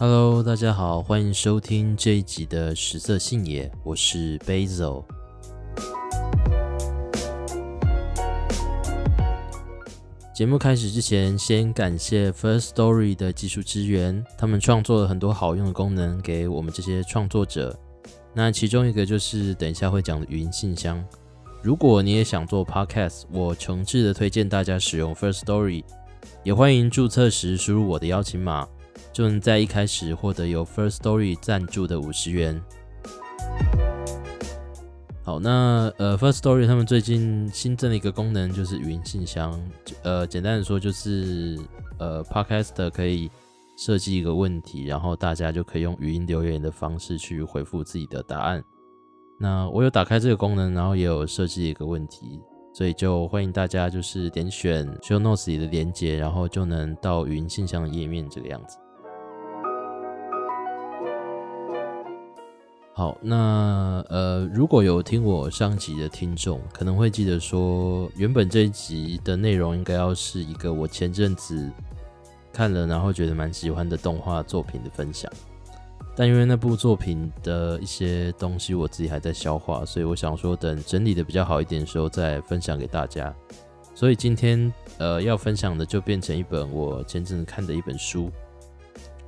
Hello，大家好，歡迎收聽這一集的食色性也，我是 Basil。節目開始之前，先感謝 First Story 的技術支援，他們創作了很多好用的功能給我們這些創作者。那其中一個就是等一下會講的語音信箱。如果你也想做 Podcast，我誠摯的推薦大家使用 First Story，也歡迎註冊時輸入我的邀請碼。就能在一開始獲得由 First Story 贊助的五十元。好，那呃 First Story 他們最近新增了一個功能，就是語音信箱。呃，簡單的說就是呃，Podcaster 可以設計一個問題，然後大家就可以用語音留言的方式去回復自己的答案。那我有打開這個功能，然後也有設計一個問題，所以就歡迎大家就是點選 Show Notes 裡的鏈接，然後就能到語音信箱的頁面這個樣子。好，那呃，如果有聽我上集的聽眾，可能會記得說，原本這一集的內容應該要是一個我前陣子看了，然後覺得蠻喜歡的動畫作品的分享。但因為那部作品的一些東西我自己還在消化，所以我想說等整理得比較好一點的時候再分享給大家。所以今天呃要分享的就變成一本我前陣子看的一本書。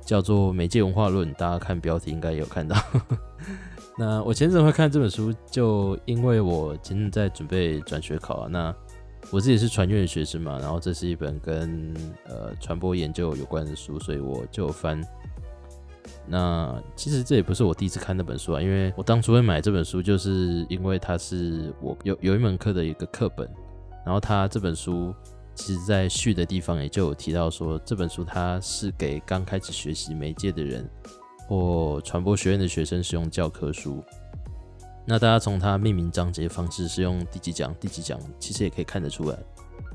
叫做《媒介文化論》，大家看標題應該有看到。 那我前陣會看這本書，就因為我前陣在準備轉學考啊。那我自己是傳院的學生嘛，然後這是一本跟呃傳播研究有關的書，所以我就翻。那其實這也不是我第一次看那本書啊，因為我當初會買這本書，就是因為它是我有有一門課的一個課本，然後它這本書。其實在序的地方也就有提到說，這本書它是給剛開始學習媒介的人或傳播學院的學生使用教科書。那大家從它命名章節方式是用第幾講、第幾講，其實也可以看得出來，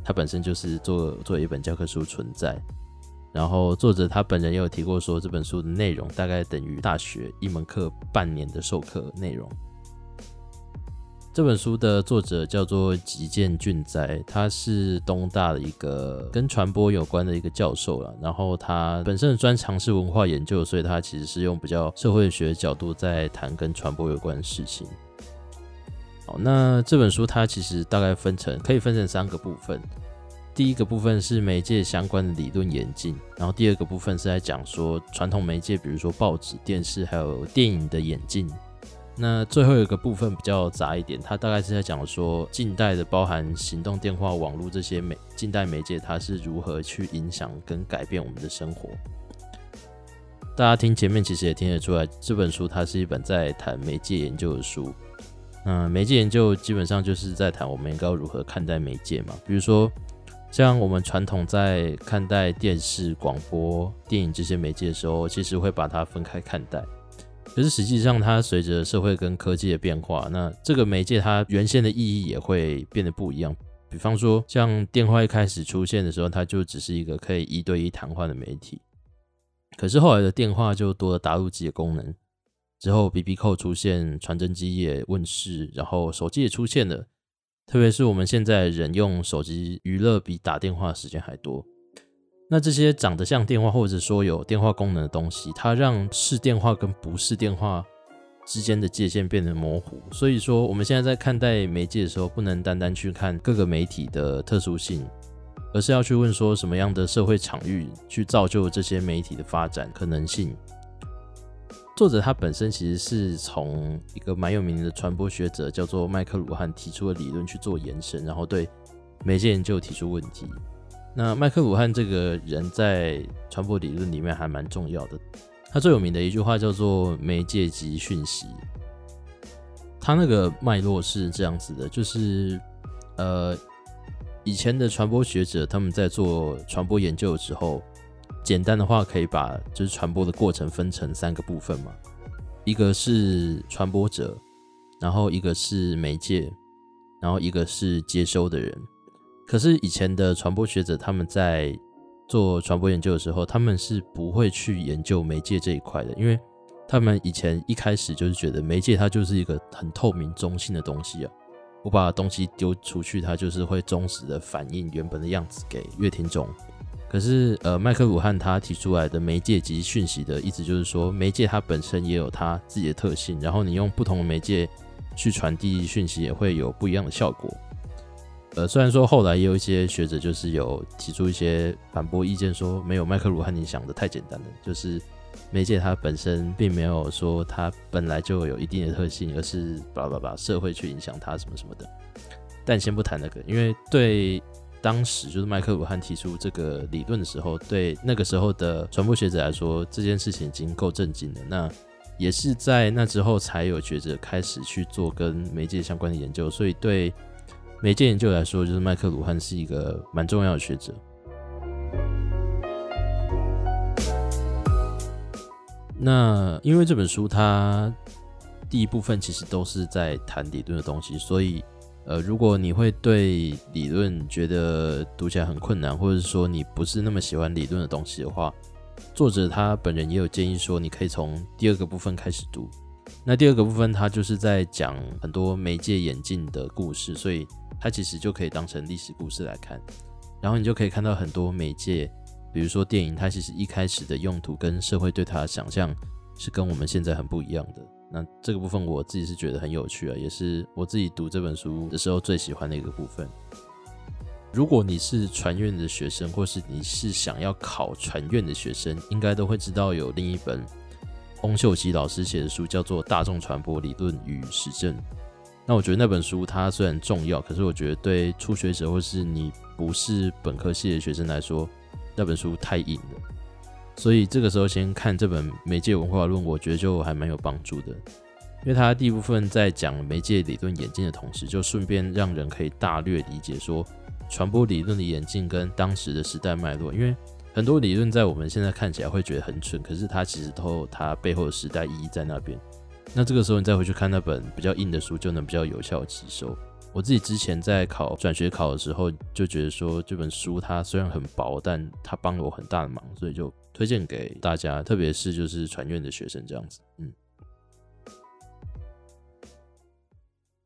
它本身就是作作為一本教科書存在。然後作者他本人也有提過說，這本書的內容大概等於大學一門課半年的授課內容。這本書的作者叫做吉見俊哉，他是東大的一個跟傳播有關的一個教授了。然後他本身的專長是文化研究，所以他其實是用比較社會學的角度在談跟傳播有關的事情。好，那這本書它其實大概分成可以分成三個部分。第一個部分是媒介相關的理論演進，然後第二個部分是在講說傳統媒介，比如說報紙、電視還有電影的演進。那最後有一個部分比較雜一點，它大概是在講說近代的包含行動電話、網絡這些媒近代媒介，它是如何去影響跟改變我們的生活。大家聽前面其實也聽得出來，這本書它是一本在談媒介研究的書。嗯，媒介研究基本上就是在談我們應該如何看待媒介嘛。比如說，像我們傳統在看待電視、廣播、電影這些媒介的時候，其實會把它分開看待。可是實際上，它隨着社會跟科技的變化，那這個媒介它原先的意義也會變得不一樣。比方說，像電話一開始出現的時候，它就只是一個可以一對一談話的媒體。可是後來的電話就多了答錄機的功能，之後 BB Call 出現，傳真機也問世，然後手機也出現了。特別是我們現在人用手機娛樂比打電話時間還多。那這些長得像電話或者說有電話功能的東西，它讓是電話跟不是電話之間的界限變得模糊。所以說，我們現在在看待媒介的時候，不能單單去看各個媒體的特殊性，而是要去問說什麼樣的社會場域去造就這些媒體的發展可能性。作者他本身其實是從一個蠻有名的傳播學者，叫做麥克魯漢提出的理論去做延伸，然後對媒介研究提出問題。那麥克魯漢這個人，在傳播理論裡面還蠻重要的。他最有名的一句話叫做“媒介即訊息”。他那個脈絡是這樣子的，就是呃，以前的傳播學者他們在做傳播研究的時候，簡單的話可以把就是傳播的過程分成三個部分嘛，一個是傳播者，然後一個是媒介，然後一個是接收的人。可是以前的傳播學者他們在做傳播研究的時候，他們是不會去研究媒介這一塊的，因為他們以前一開始就是覺得媒介它就是一個很透明中性的東西啊，我把東西丟出去，它就是會忠實的反映原本的樣子給閱聽眾。可是呃，麥克魯漢他提出來的媒介及訊息的，意思就是說媒介它本身也有它自己的特性，然後你用不同的媒介去傳遞訊息，也會有不一樣的效果。呃，雖然說後來也有一些學者就是有提出一些反駁意見，說沒有麥克魯漢影響的太簡單了，就是媒介它本身並沒有說它本來就有一定的特性，而是把把把社會去影響它什麼什麼的。但先不談那個，因為對當時就是麥克魯漢提出這個理論的時候，對那個時候的傳播學者來說，這件事情已經夠震驚了。那也是在那之後才有學者開始去做跟媒介相關的研究，所以對。媒介研究來說，就是麥克魯漢是一個蠻重要的學者。那因為這本書它第一部分其實都是在談理論的東西，所以呃，如果你會對理論覺得讀起來很困難，或者是說你不是那麼喜歡理論的東西的話，作者他本人也有建議說，你可以從第二個部分開始讀。那第二個部分他就是在講很多媒介演進的故事，所以。它其實就可以當成歷史故事來看，然後你就可以看到很多媒介，比如說電影，它其實一開始的用途跟社會對它的想象是跟我們現在很不一樣的。那這個部分我自己是覺得很有趣啊，也是我自己讀這本書的時候最喜歡的一個部分。如果你是傳院的學生，或是你是想要考傳院的學生，應該都會知道有另一本翁秀琪老師寫的書，叫做《大眾傳播理論與實證》。那我覺得那本書它雖然重要，可是我覺得對初學者或是你不是本科系的學生來說，那本書太硬了。所以這個時候先看這本媒介文化論，我覺得就還蠻有幫助的。因為它第一部分在講媒介理論演進的同時，就順便讓人可以大略理解說傳播理論的演進跟當時的時代脈絡。因為很多理論在我們現在看起來會覺得很蠢，可是它其實都有它背後的時代意義在那邊。那這個時候，你再回去看那本比較硬的書，就能比較有效吸收。我自己之前在考轉學考的時候，就覺得說這本書它雖然很薄，但它幫了我很大的忙，所以就推薦給大家，特別是就是傳院的學生這樣子，嗯。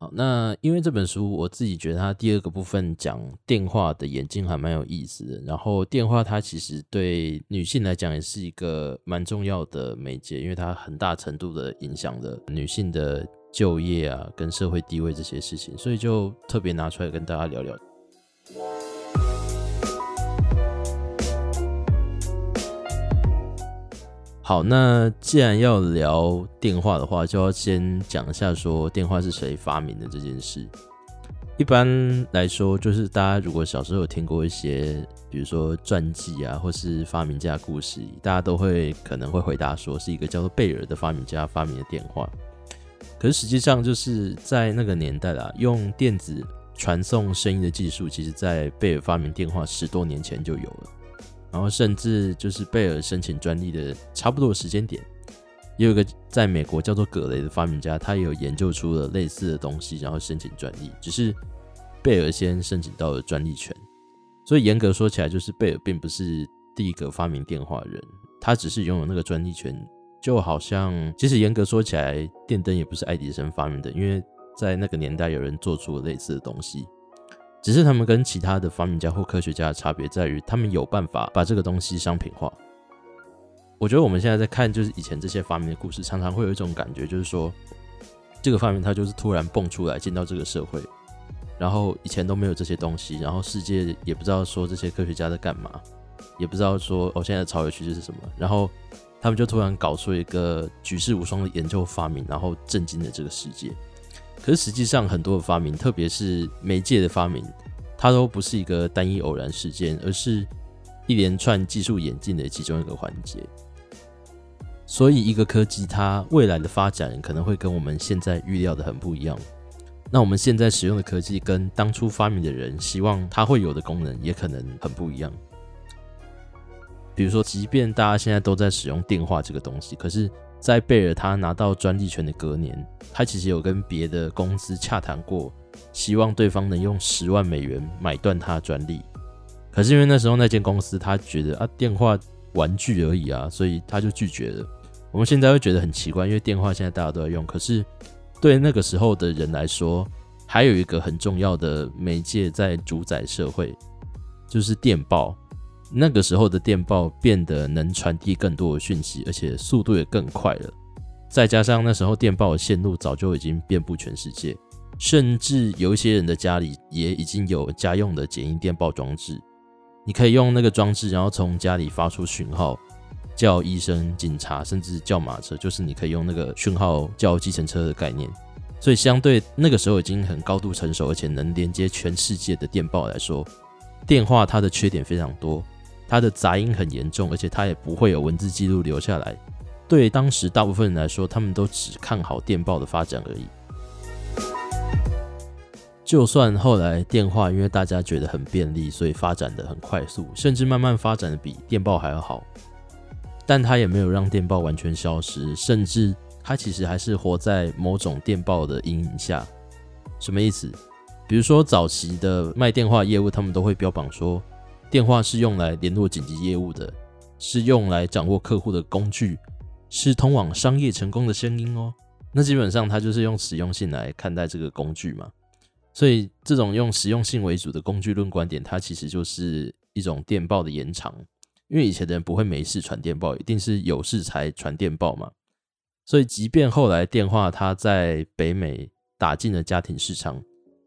好，那因為這本書，我自己覺得它第二個部分講電話的演進，還蠻有意思的。然後電話它其實對女性來講也是一個蠻重要的媒介，因為它很大程度的影響了女性的就業啊跟社會地位這些事情，所以就特別拿出來跟大家聊聊。好，那既然要聊電話的話，就要先講一下說電話是誰發明的這件事。一般來說，就是大家如果小時候有聽過一些，比如說傳記啊，或是發明家故事，大家都會可能會回答說是一個叫做貝爾的發明家發明的電話。可是實際上，就是在那個年代啦，用電子傳送聲音的技術，其實，在貝爾發明電話十多年前就有了。然後甚至就是貝爾申請專利的差不多的時間點，也有一個在美國叫做葛雷的發明家，他也有研究出了類似的東西，然後申請專利。只是貝爾先申請到了專利權，所以嚴格說起來，就是貝爾並不是第一個發明電話人，他只是擁有那個專利權。就好像，其實嚴格說起來，電燈也不是愛迪生發明的，因為在那個年代有人做出了類似的東西。只是他們跟其他的發明家或科學家的差別在於，他們有辦法把這個東西商品化。我覺得我們現在在看，就是以前這些發明的故事，常常會有一種感覺，就是說這個發明它就是突然蹦出來進到這個社會，然後以前都沒有這些東西，然後世界也不知道說這些科學家在幹嘛，也不知道說哦，現在的潮流趨勢是什麼，然後他們就突然搞出一個舉世無雙的研究發明，然後震驚了這個世界。可是實際上，很多的發明，特別是媒介的發明，它都不是一個單一偶然事件，而是一連串技術演進的其中一個環節。所以，一個科技它未來的發展可能會跟我們現在預料的很不一樣。那我們現在使用的科技，跟當初發明的人希望它會有的功能，也可能很不一樣。比如說，即便大家現在都在使用電話這個東西，可是在貝爾他拿到專利權的隔年，他其實有跟別的公司洽談過，希望對方能用十萬美元買斷他專利。可是因為那時候那間公司他覺得啊電話玩具而已啊，所以他就拒絕了。我們現在會覺得很奇怪，因為電話現在大家都在用，可是對那個時候的人來說，還有一個很重要的媒介在主宰社會，就是電報。那個時候的電報變得能傳遞更多的訊息，而且速度也更快了。再加上那時候電報的線路早就已經遍布全世界，甚至有一些人的家裡也已經有家用的簡易電報裝置。你可以用那個裝置，然後從家裡發出訊號，叫醫生、警察，甚至叫馬車，就是你可以用那個訊號叫計程車的概念。所以，相對那個時候已經很高度成熟，而且能連接全世界的電報來說，電話它的缺點非常多。它的雜音很嚴重，而且它也不會有文字記錄留下來。對當時大部分人來說，他們都只看好電報的發展而已。就算後來電話因為大家覺得很便利，所以發展得很快速，甚至慢慢發展的比電報還要好，但它也沒有讓電報完全消失，甚至它其實還是活在某種電報的陰影下。什麼意思？比如說早期的賣電話業務，他們都會標榜說。電話是用來聯絡緊急業務的，是用來掌握客戶的工具，是通往商業成功的聲音哦。那基本上它就是用實用性來看待這個工具嘛。所以這種用實用性為主的工具論觀點，它其實就是一種電報的延長。因為以前的人不會沒事傳電報，一定是有事才傳電報嘛。所以即便後來電話它在北美打進了家庭市場。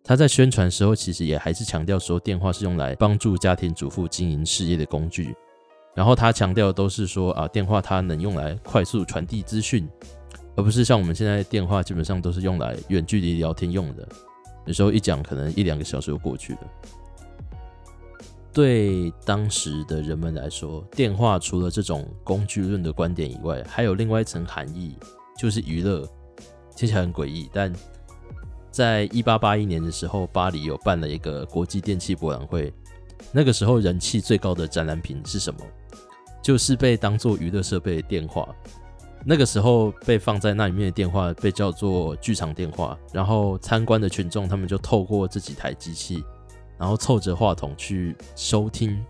他在宣傳時候，其實也還是強調說，電話是用來幫助家庭主婦經營事業的工具。然後他強調都是說啊，電話它能用來快速傳遞資訊，而不是像我們現在電話基本上都是用來遠距離聊天用的，有時候一講可能一兩個小時就過去了。對當時的人們來說，電話除了這種工具論的觀點以外，還有另外一層含義，就是娛樂。聽起來很詭異，但。在一八八一年的時候，巴黎有辦了一個國際電器博覽會。那個時候人氣最高的展覽品是什麼？就是被當做娛樂設備的電話。那個時候被放在那裡面的電話被叫做劇場電話。然後參觀的群眾他們就透過這幾台機器，然後湊着話筒去收聽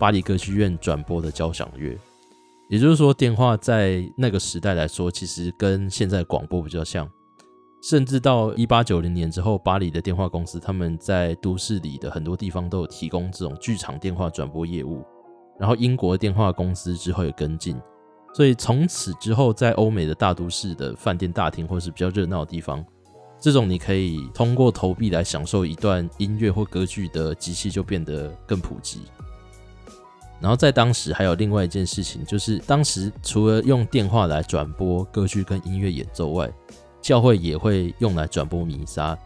巴黎歌劇院轉播的交響樂。也就是說，電話在那個時代來說，其實跟現在廣播比較像。甚至到一八九零年之後，巴黎的電話公司他們在都市裡的很多地方都有提供這種劇場電話轉播業務，然後英國的電話公司之後也跟進，所以從此之後，在歐美的大都市的飯店大廳或是比較熱鬧的地方，這種你可以通過投幣來享受一段音樂或歌劇的機器就變得更普及。然後在當時還有另外一件事情，就是當時除了用電話來轉播歌劇跟音樂演奏外，教會也會用來轉播彌撒，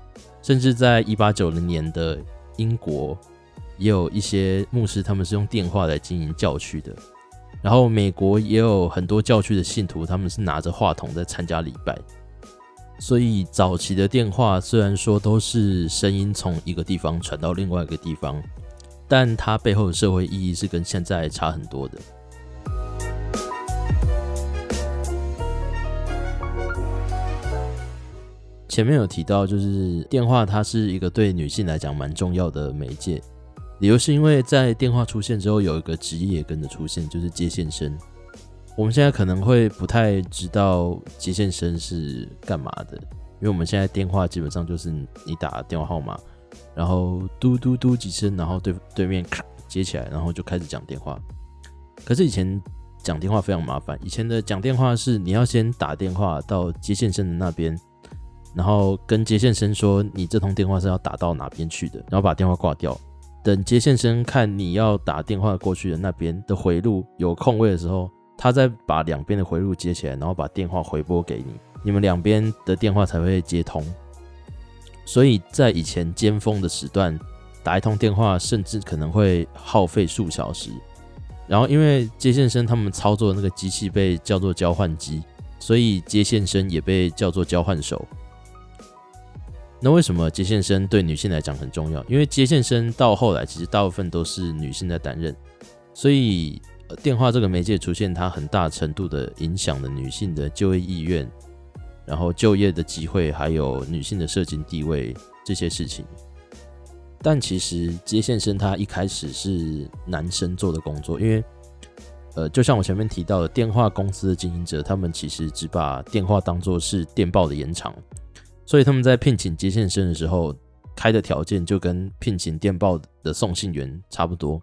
甚至在一八九零年的英國也有一些牧師，他們是用電話來經營教區的。然後美國也有很多教區的信徒，他們是拿着話筒在參加禮拜。所以早期的電話雖然說都是聲音從一個地方傳到另外一個地方，但它背後的社會意義是跟現在差很多的。前面有提到，就是電話它是一個對女性來講蠻重要的媒介，理由是因為在電話出現之後，有一個職業跟着出現，就是接線生。我們現在可能會不太知道接線生是幹嘛的，因為我們現在電話基本上就是你打電話號碼，然後嘟嘟嘟幾聲，然後對對面咔接起來，然後就開始講電話。可是以前講電話非常麻煩，以前的講電話是你要先打電話到接線生的那邊。然後跟接線生說：“你這通電話是要打到哪邊去的？”然後把電話掛掉。等接線生看你要打電話過去的那邊的回路有空位的時候，他再把兩邊的回路接起來，然後把電話回撥給你，你們兩邊的電話才會接通。所以在以前尖峰的時段，打一通電話甚至可能會耗費數小時。然後因為接線生他們操作的那個機器被叫做交換機，所以接線生也被叫做交換手。那為什麼接線生對女性來講很重要？因為接線生到後來，其實大部分都是女性在擔任，所以，呃，電話這個媒介出現，它很大程度的影響了女性的就業意願，然後就業的機會，還有女性的社經地位這些事情。但其實接線生他一開始是男生做的工作，因為呃，就像我前面提到的，電話公司的經營者，他們其實只把電話當作是電報的延長。所以他們在聘請接線生的時候，開的條件就跟聘請電報的送信員差不多。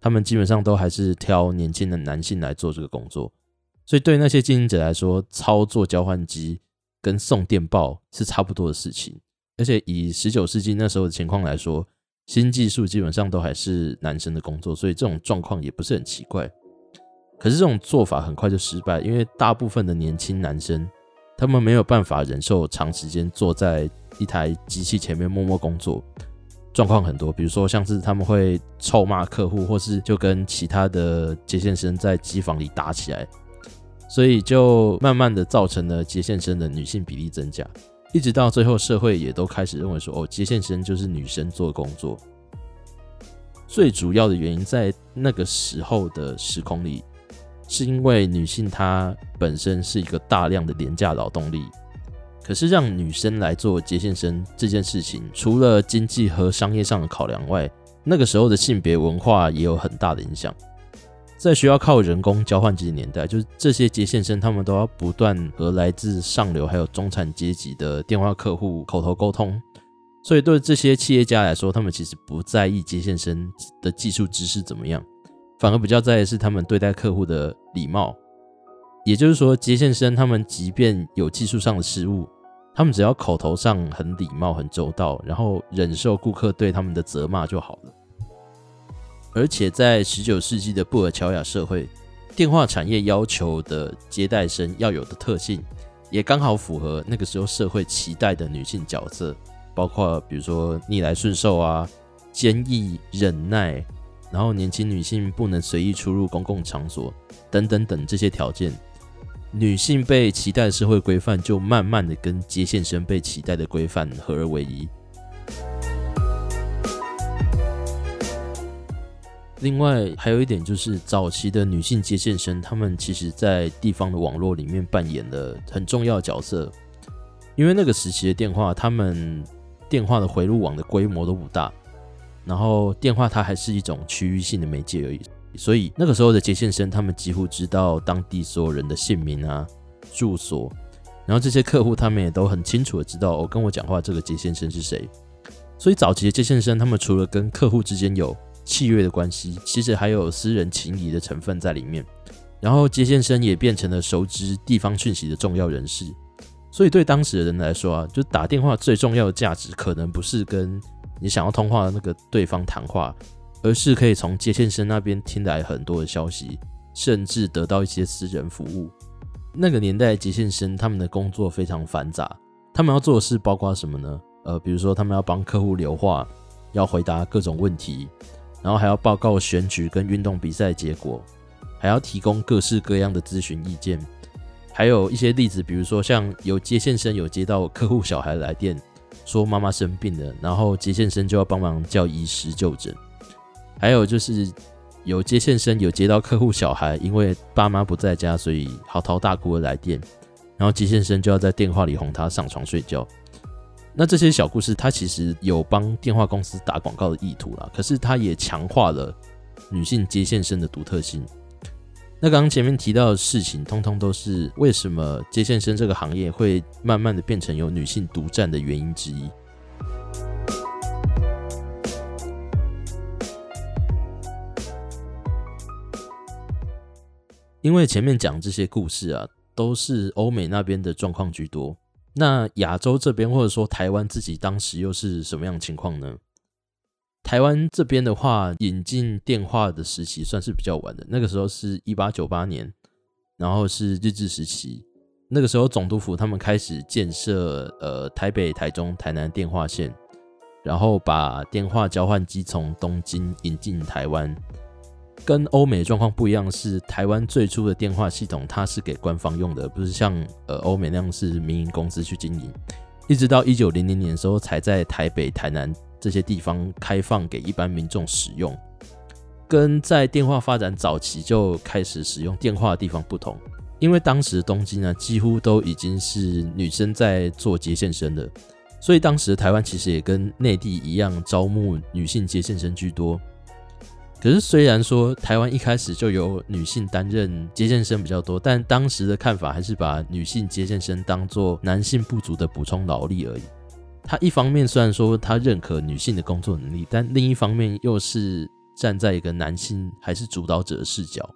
他們基本上都還是挑年輕的男性來做這個工作。所以對那些經營者來說，操作交換機跟送電報是差不多的事情。而且以十九世紀那時候的情況來說，新技術基本上都還是男生的工作，所以這種狀況也不是很奇怪。可是這種做法很快就失敗，因為大部分的年輕男生，他們沒有辦法忍受長時間坐在一台機器前面默默工作，狀況很多，比如說像是他們會臭罵客戶，或是就跟其他的接線生在機房裡打起來，所以就慢慢的造成了接線生的女性比例增加，一直到最後社會也都開始認為說，哦，接線生就是女生做工作，最主要的原因在那個時候的時空裡。是因為女性她本身是一個大量的廉價勞動力，可是讓女生來做接線生這件事情，除了經濟和商業上的考量外，那個時候的性別文化也有很大的影響。在需要靠人工交換機的年代，就是這些接線生他們都要不斷和來自上流還有中產階級的電話客戶口頭溝通，所以對這些企業家來說，他們其實不在意接線生的技術知識怎麼樣。反而比較在意是他們對待客戶的禮貌，也就是說，接線生他們即便有技術上的失誤，他們只要口頭上很禮貌、很周到，然後忍受顧客對他們的責罵就好了。而且在十九世紀的布爾喬亞社會，電話產業要求的接待生要有的特性，也剛好符合那個時候社會期待的女性角色，包括比如說逆來順受啊、堅毅忍耐。然後年輕女性不能隨意出入公共場所，等等等這些條件，女性被期待的社會規範就慢慢的跟接線生被期待的規範合而為一。另外還有一點就是，早期的女性接線生她們其實在地方的網絡裡面扮演了很重要角色，因為那個時期的電話，他們電話的回路網的規模都不大。然後電話它還是一種區域性的媒介而已，所以那個時候的接線生他們幾乎知道當地所有人的姓名啊、住所，然後這些客戶他們也都很清楚的知道、哦、跟我講話這個接線生是誰，所以早期的接線生他們除了跟客戶之間有契約的關係，其實還有私人情誼的成分在裡面。然後接線生也變成了熟知地方訊息的重要人士，所以對當時的人來說啊，就打電話最重要的價值可能不是跟。你想要通話的那個對方談話，而是可以從接線生那邊聽來很多的消息，甚至得到一些私人服務。那個年代，接線生他們的工作非常繁雜，他們要做的事包括什麼呢？呃，比如說他們要幫客戶留話，要回答各種問題，然後還要報告選舉跟運動比賽結果，還要提供各式各樣的諮詢意見。還有一些例子，比如說像有接線生有接到客戶小孩來電。說媽媽生病了，然後接線生就要幫忙叫醫師就診。還有就是有接線生有接到客戶小孩，因為爸媽不在家，所以嚎啕大哭的來電，然後接線生就要在電話裡哄他上床睡覺。那這些小故事，他其實有幫電話公司打廣告的意圖啦，可是他也強化了女性接線生的獨特性。那剛剛前面提到的事情，通通都是為什麼接線生這個行業會慢慢的變成由女性獨佔的原因之一。因為前面講這些故事啊，都是歐美那邊的狀況居多。那亞洲這邊，或者說台灣自己當時又是什麼樣的情況呢？台灣這邊的話，引進電話的時期算是比較晚的。那個時候是一八九八年，然後是日治時期。那個時候總督府他們開始建設呃台北、台中、台南電話線，然後把電話交換機從東京引進台灣。跟歐美狀況不一樣，是台灣最初的電話系統它是給官方用的，不是像呃歐美那樣是民營公司去經營。一直到一九零零年的時候，才在台北、台南這些地方開放給一般民眾使用。跟在電話發展早期就開始使用電話的地方不同，因為當時東京呢、啊、幾乎都已經是女生在做接線生了，所以當時台灣其實也跟內地一樣，招募女性接線生居多。可是，雖然說台灣一開始就由女性擔任接線生比較多，但當時的看法還是把女性接線生當作男性不足的補充勞力而已。他一方面雖然說他認可女性的工作能力，但另一方面又是站在一個男性還是主導者的視角。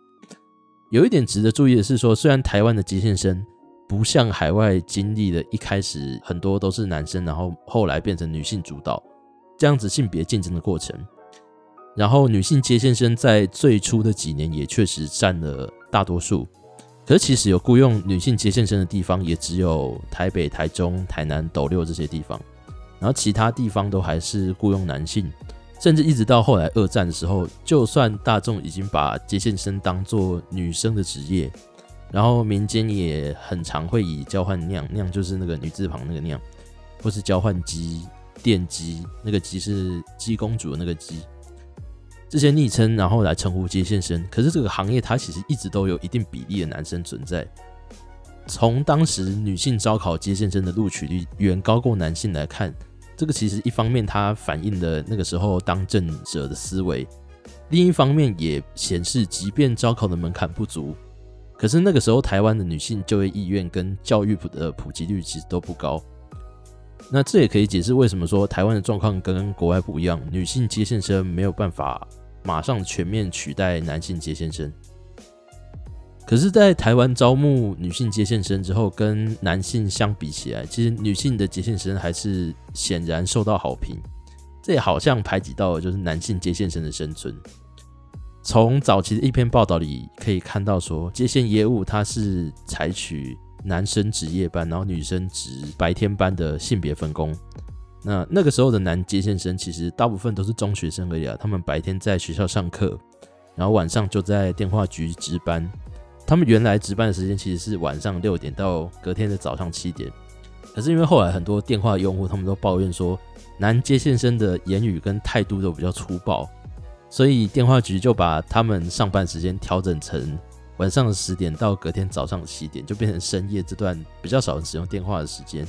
有一點值得注意的是說，說雖然台灣的接線生不像海外經歷的一開始很多都是男生，然後後來變成女性主導，這樣子性別競爭的過程。然後女性接線生在最初的幾年也確實占了大多數，可是其實有雇傭女性接線生的地方也只有台北、台中、台南、斗六這些地方，然後其他地方都還是雇傭男性，甚至一直到後來二戰的時候，就算大眾已經把接線生當作女生的職業，然後民間也很常會以交換娘娘就是那個女字旁那個娘，或是交換姬電姬那個姬是姬公主的那個姬。這些昵稱然後來稱呼接線生。可是這個行業，它其實一直都有一定比例的男生存在。從當時女性招考接線生的錄取率遠高過男性來看，這個其實一方面它反映了那個時候當政者的思維，另一方面也顯示，即便招考的門檻不足，可是那個時候台灣的女性就業意願跟教育普的普及率其實都不高。那這也可以解釋為什麼說台灣的狀況跟國外不一樣，女性接線生沒有辦法馬上全面取代男性接線生。可是，在台灣招募女性接線生之後，跟男性相比起來，其實女性的接線生還是顯然受到好評，這也好像排擠到的就是男性接線生的生存。從早期的一篇報道裡可以看到，說接線業務它是採取。男生值夜班，然後女生值白天班的性別分工。那那個時候的男接線生其實大部分都是中學生而已啊，他們白天在學校上課，然後晚上就在電話局值班。他們原來值班的時間其實是晚上六點到隔天的早上七點，可是因為後來很多電話用戶他們都抱怨說男接線生的言語跟態度都比較粗暴，所以電話局就把他們上班時間調整成。晚上十點到隔天早上七點，就變成深夜這段比較少人使用電話的時間。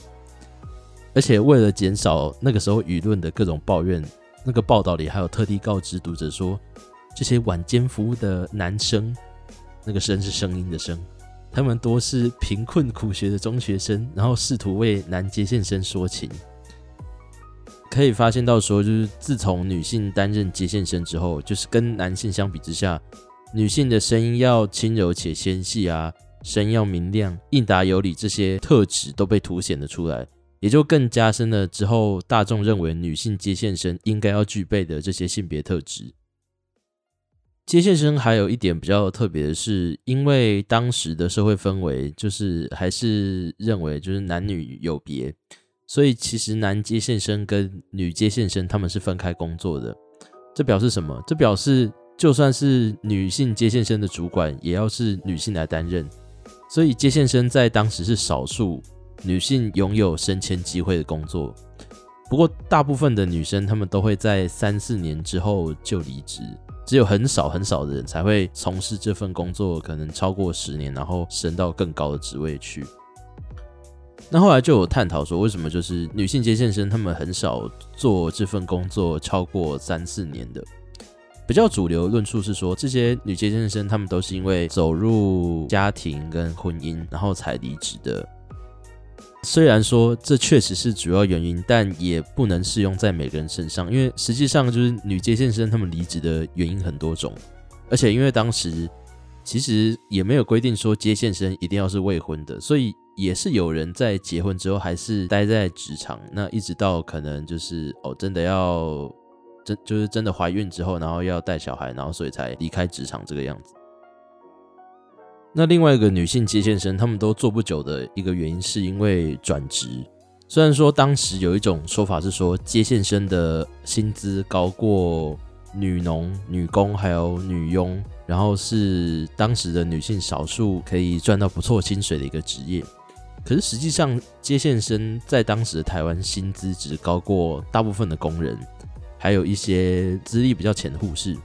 而且為了減少那個時候輿論的各種抱怨，那個報道裡還有特地告知讀者說，這些晚間服務的男生，那個聲是聲音的聲，他們多是貧困苦學的中學生，然後試圖為男接線生說情。可以發現到說，就是自從女性擔任接線生之後，就是跟男性相比之下。女性的聲音要輕柔且纖細啊，聲音要明亮，應答有禮。這些特質都被凸顯了出來，也就更加深了之後大眾認為女性接線生應該要具備的這些性別特質。接線生還有一點比較特別的是，因為當時的社會氛圍就是還是認為就是男女有別，所以其實男接線生跟女接線生他們是分開工作的。這表示什麼？這表示。就算是女性接線生的主管也要是女性來擔任，所以接線生在當時是少數女性擁有升遷機會的工作。不過，大部分的女生她們都會在三四年之後就離職，只有很少很少的人才會從事這份工作，可能超過十年，然後升到更高的職位去。那後來就有探討說，為什麼就是女性接線生她們很少做這份工作超過三四年的？比較主流論述是說，這些女接線生她們都是因為走入家庭跟婚姻，然後才離職的。雖然說這確實是主要原因，但也不能適用在每個人身上，因為實際上就是女接線生她們離職的原因很多種，而且因為當時其實也沒有規定說接線生一定要是未婚的，所以也是有人在結婚之後還是待在職場，那一直到可能就是哦，真的要。真就是真的懷孕之後，然後要帶小孩，然後所以才離開職場這個樣子。那另外一個女性接線生，她們都做不久的一個原因，是因為轉職。雖然說當時有一種說法是說，接線生的薪資高過女農、女工還有女傭，然後是當時的女性少數可以賺到不錯薪水的一個職業。可是實際上，接線生在當時的台灣薪資只高過大部分的工人。還有一些資歷比較淺的護士，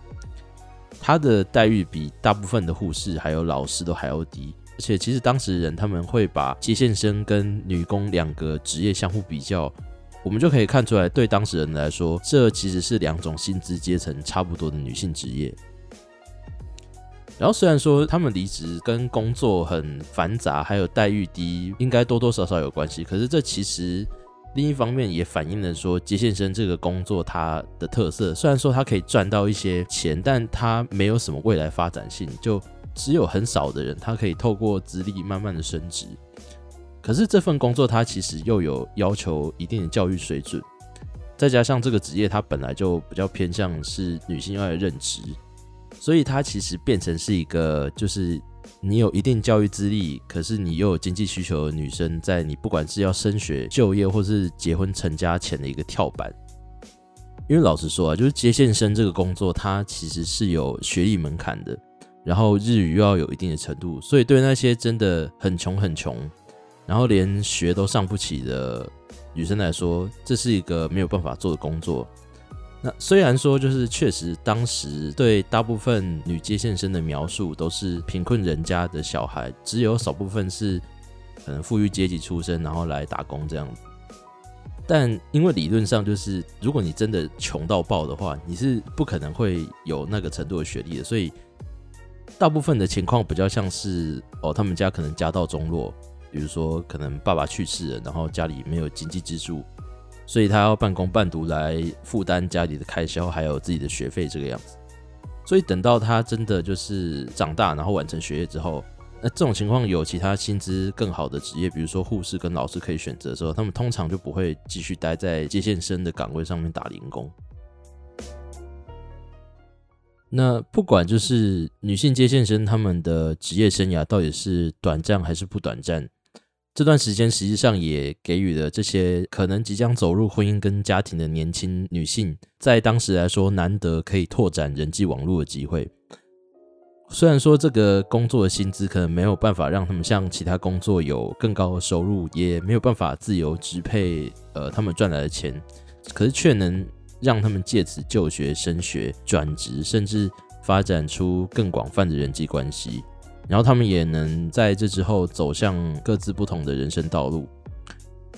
她的待遇比大部分的護士還有老師都還要低，而且其實當時人他們會把接線生跟女工兩個職業相互比較，我們就可以看出來，對當時人來說，這其實是兩種薪資階層差不多的女性職業。然後雖然說他們離職跟工作很繁雜，還有待遇低，應該多多少少有關係，可是這其實。另一方面也反映了說，接線生這個工作它的特色，雖然說它可以賺到一些錢，但它沒有什麼未來發展性，就只有很少的人他可以透過資歷慢慢的升職。可是這份工作它其實又有要求一定的教育水準，再加上這個職業它本來就比較偏向是女性要來任職，所以它其實變成是一個就是。你有一定教育資歷，可是你又有經濟需求的女生，在你不管是要升學、就業或是結婚成家前的一個跳板。因為老實說啊，就是接線生這個工作，它其實是有學歷門檻的，然後日語又要有一定的程度，所以對那些真的很窮很窮，然後連學都上不起的女生來說，這是一個沒有辦法做的工作。那雖然說，就是確實，當時對大部分女接線生的描述都是貧困人家的小孩，只有少部分是可能富裕階級出身，然後來打工這樣。但因為理論上就是，如果你真的窮到爆的話，你是不可能會有那個程度的學歷的，所以大部分的情況比較像是哦，他們家可能家道中落，比如說可能爸爸去世了，然後家裡沒有經濟支柱。所以他要半工半讀來負擔家裡的開銷，還有自己的學費這個樣子。所以等到他真的就是長大，然後完成學業之後，那這種情況有其他薪資更好的職業，比如說護士跟老師可以選擇的時候，他們通常就不會繼續待在接線生的崗位上面打零工。那不管就是女性接線生他們的職業生涯到底是短暫還是不短暫，這段時間實際上也給予了這些可能即將走入婚姻跟家庭的年輕女性，在當時來說難得可以拓展人際網絡的機會。雖然說這個工作的薪資可能沒有辦法讓他們像其他工作有更高的收入，也沒有辦法自由支配呃他們賺來的錢，可是卻能讓他們借此就學、升學、轉職，甚至發展出更廣泛的人際關係。然後他們也能在這之後走向各自不同的人生道路。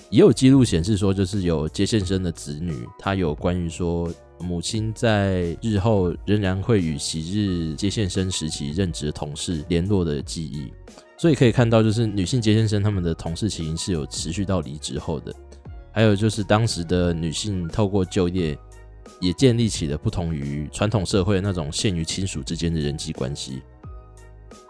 也有記錄顯示說，就是有接線生的子女，他有關於說母親在日後仍然會與昔日接線生時期任職同事聯絡的記憶。所以可以看到，就是女性接線生他們的同事情是有持續到離職後的。還有就是當時的女性透過就業也建立起了不同於傳統社會的那種限於親屬之間的人際關係。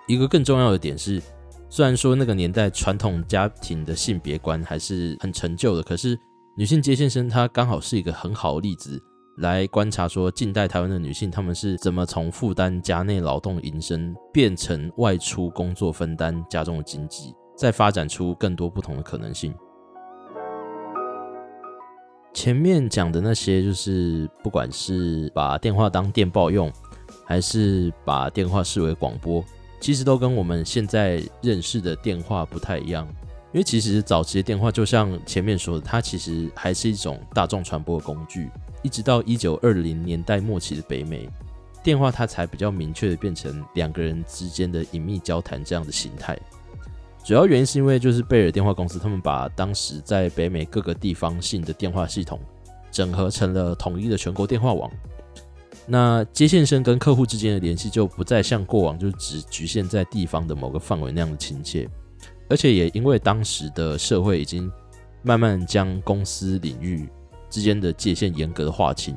一個更重要的點是，雖然說那個年代傳統家庭的性別觀還是很陳舊的，可是女性接線生她剛好是一個很好的例子，來觀察說近代台灣的女性她們是怎麼從負擔家內勞動的營生，變成外出工作分擔家中的經濟，再發展出更多不同的可能性。前面講的那些，就是不管是把電話當電報用，還是把電話視為廣播。其實都跟我們現在認識的電話不太一樣，因為其實早期的電話就像前面說的，它其實還是一種大眾傳播的工具，一直到一九二零年代末期的北美，電話它才比較明確的變成兩個人之間的隱秘交談這樣的形態。主要原因是因為就是貝爾電話公司他們把當時在北美各個地方性的電話系統整合成了統一的全國電話網。那接線生跟客戶之間的聯繫就不再像過往，就只侷限在地方的某個範圍那樣的親切，而且也因為當時的社會已經慢慢將公私領域之間的界限嚴格的劃清，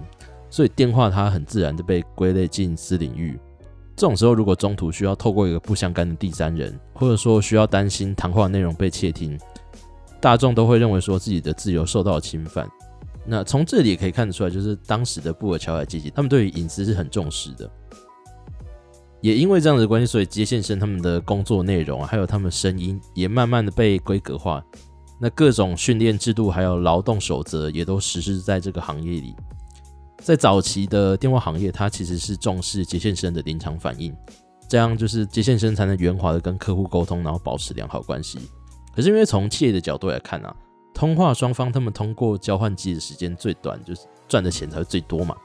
所以電話它很自然的被歸類進私領域。這種時候，如果中途需要透過一個不相干的第三人，或者說需要擔心談話內容被竊聽，大眾都會認為說自己的自由受到了侵犯。那從這裡也可以看得出來，就是當時的布爾喬亞階級，他們對於隱私是很重視的。也因為這樣子的關係，所以接線生他們的工作內容啊，還有他們聲音，也慢慢的被規格化。那各種訓練制度，還有勞動守則，也都實施在這個行業裡。在早期的電話行業，它其實是重視接線生的臨場反應，這樣就是接線生才能圓滑的跟客戶溝通，然後保持良好關係。可是因為從企業的角度來看啊。通話雙方他們通過交換機的時間最短，就是賺的錢才會最多嘛。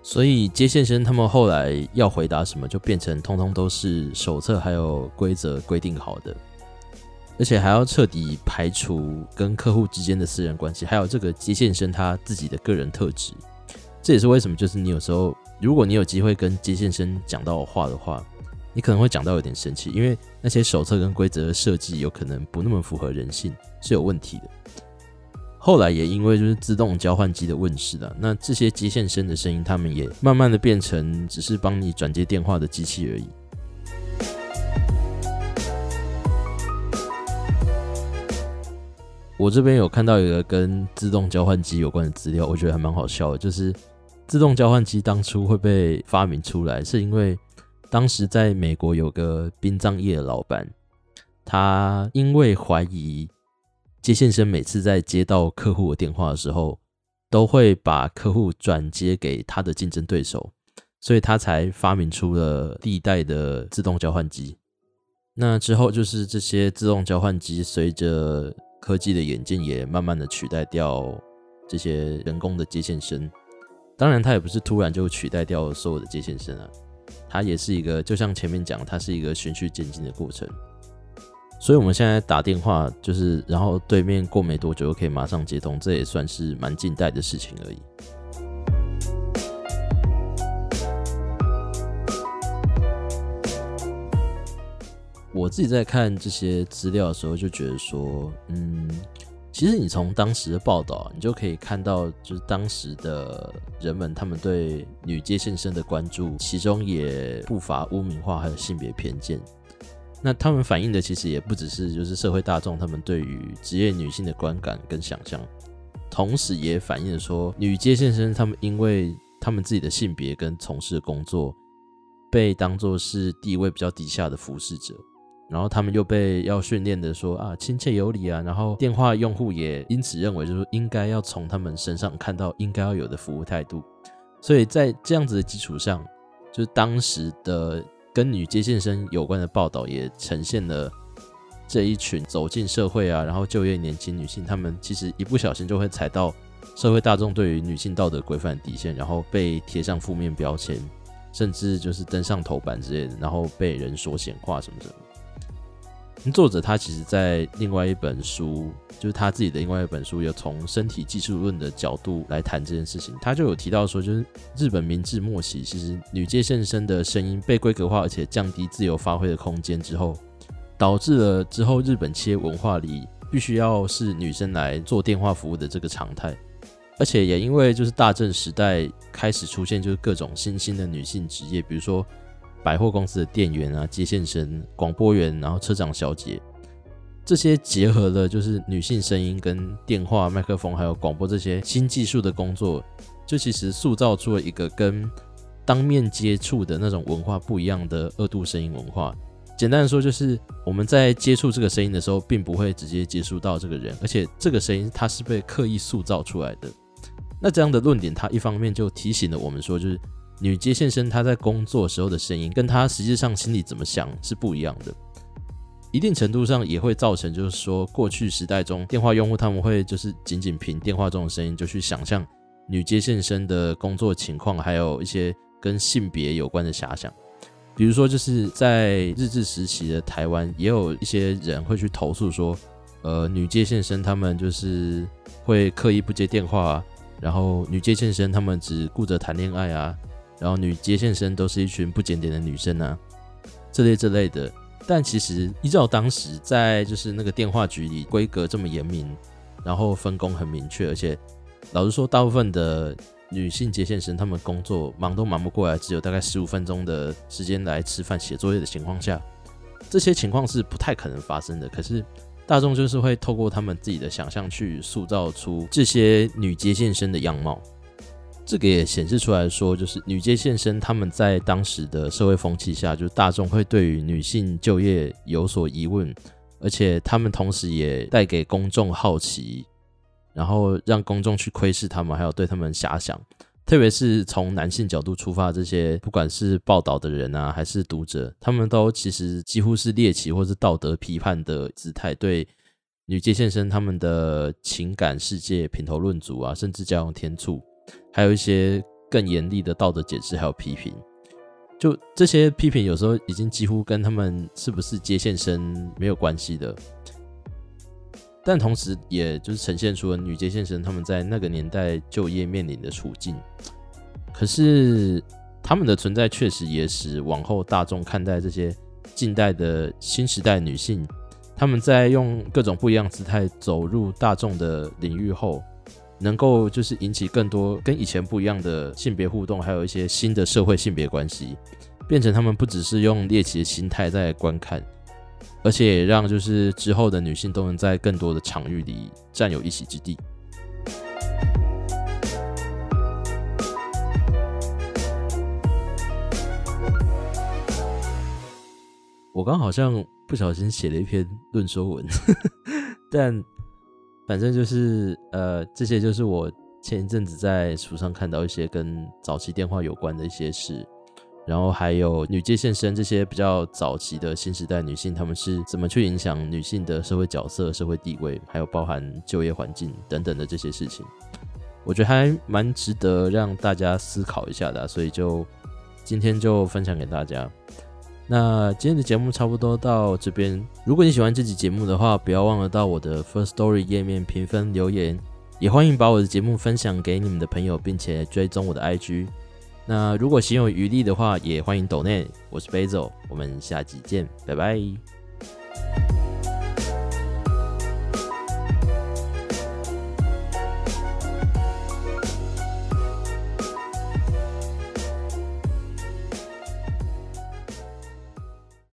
所以接線生他們後來要回答什麼，就變成通通都是手冊還有規則規定好的，而且還要徹底排除跟客戶之間的私人關係，還有這個接線生他自己的個人特質。這也是為什麼，就是你有時候如果你有機會跟接線生講到話的話。你可能會講到有點生氣，因為那些手冊跟規則的設計有可能不那麼符合人性，是有問題的。後來也因為就是自動交換機的問世了，那這些接線生的聲音，他們也慢慢的變成只是幫你轉接電話的機器而已。我這邊有看到一個跟自動交換機有關的資料，我覺得還蠻好笑的，就是自動交換機當初會被發明出來，是因為。當時在美國有個殯葬業的老闆，他因為懷疑接線生每次在接到客戶的電話的時候，都會把客戶轉接給他的競爭對手，所以他才發明出了第一代的自動交換機。那之後就是這些自動交換機隨着科技的演進，也慢慢的取代掉這些人工的接線生。當然，他也不是突然就取代掉所有的接線生啊。它也是一個，就像前面講，它是一個循序漸進的過程。所以，我們現在打電話就是，然後對面過沒多久，就可以馬上接通，這也算是蠻近代的事情而已。我自己在看這些資料的時候，就覺得說，嗯。其實你從當時的報道，你就可以看到，就是當時的人們他們對女接線生的關注，其中也不乏污名化，還有性別偏見。那他們反映的其實也不只是就是社會大眾他們對於職業女性的觀感跟想象，同時也反映了說女接線生他們因為他們自己的性別跟從事的工作，被當作是地位比較低下的服侍者。然後他們又被要訓練的說啊親切有禮啊，然後電話用戶也因此認為就是應該要從他們身上看到應該要有的服務態度，所以在這樣子的基礎上，就是當時的跟女接線生有關的報道也呈現了這一群走進社會啊，然後就業年輕女性，她們其實一不小心就會踩到社會大眾對於女性道德規範底線，然後被貼上負面標籤，甚至就是登上頭版之類的，然後被人說閒話什麼什麼。作者他其實，在另外一本書，就是他自己的另外一本書，有從身體技術論的角度來談這件事情。他就有提到說，就是日本明治末期，其實女接線生的聲音被規格化，而且降低自由發揮的空間之後，導致了之後日本企業文化裡必須要是女生來做電話服務的這個常態。而且也因為就是大正時代開始出現，就是各種新興的女性職業，比如說。百貨公司的店員啊，接線生、廣播員，然後車長小姐，這些結合了就是女性聲音跟電話、麥克風，還有廣播這些新技術的工作，就其實塑造出了一個跟當面接觸的那種文化不一樣的二度聲音文化。簡單的說，就是我們在接觸這個聲音的時候，並不會直接接觸到這個人，而且這個聲音它是被刻意塑造出來的。那這樣的論點，它一方面就提醒了我們說，就是。女接線生她在工作時候的聲音，跟她實際上心裡怎麼想是不一樣的，一定程度上也會造成，就是說，過去時代中電話用戶他們會就是僅僅憑電話中的聲音就去想象女接線生的工作情況，還有一些跟性別有關的遐想，比如說就是在日治時期的台灣也有一些人會去投訴說，呃，女接線生他們就是會刻意不接電話啊，然後女接線生他們只顧着談戀愛啊。然後女接線生都是一群不檢點的女生啊，這類這類的。但其實依照當時在就是那個電話局裡規格這麼嚴明，然後分工很明確，而且老實說，大部分的女性接線生她們工作忙都忙不過來，只有大概十五分鐘的時間來吃飯寫作業的情況下，這些情況是不太可能發生的。可是大眾就是會透過他們自己的想象去塑造出這些女接線生的樣貌。這個也顯示出來，說就是女接線生，他們在當時的社會風氣下，就是大眾會對於女性就業有所疑問，而且他們同時也帶給公眾好奇，然後讓公眾去窺視他們，還有對他們遐想，特別是從男性角度出發，這些不管是報道的人啊，還是讀者，他們都其實幾乎是獵奇或是道德批判的姿態，對女接線生他們的情感世界品頭論足啊，甚至加油添醋。還有一些更嚴厲的道德解釋，還有批評，就這些批評有時候已經幾乎跟他們是不是接線生沒有關係的，但同時也就是呈現出了女接線生他們在那個年代就業面臨的處境。可是他們的存在確實也使往後大眾看待這些近代的新時代女性，他們在用各種不一樣姿態走入大眾的領域後。能夠就是引起更多跟以前不一樣的性別互動，還有一些新的社會性別關係，變成他們不只是用獵奇的心態在觀看，而且也讓就是之後的女性都能在更多的場域裡占有一席之地。我剛好像不小心寫了一篇論說文， 但。反正就是呃，這些就是我前一陣子在書上看到一些跟早期電話有關的一些事，然後還有女接線生這些比較早期的新時代女性，她們是怎麼去影響女性的社會角色、社會地位，還有包含就業環境等等的這些事情，我覺得還蠻值得讓大家思考一下的啊，所以就今天就分享給大家。那今天的節目差不多到這邊。如果你喜歡這集節目的話，不要忘了到我的 First Story 頁面評分留言，也歡迎把我的節目分享給你們的朋友，並且追蹤我的 IG。那如果心有餘力的話，也歡迎抖內。我是 Basil，我們下集見，拜拜。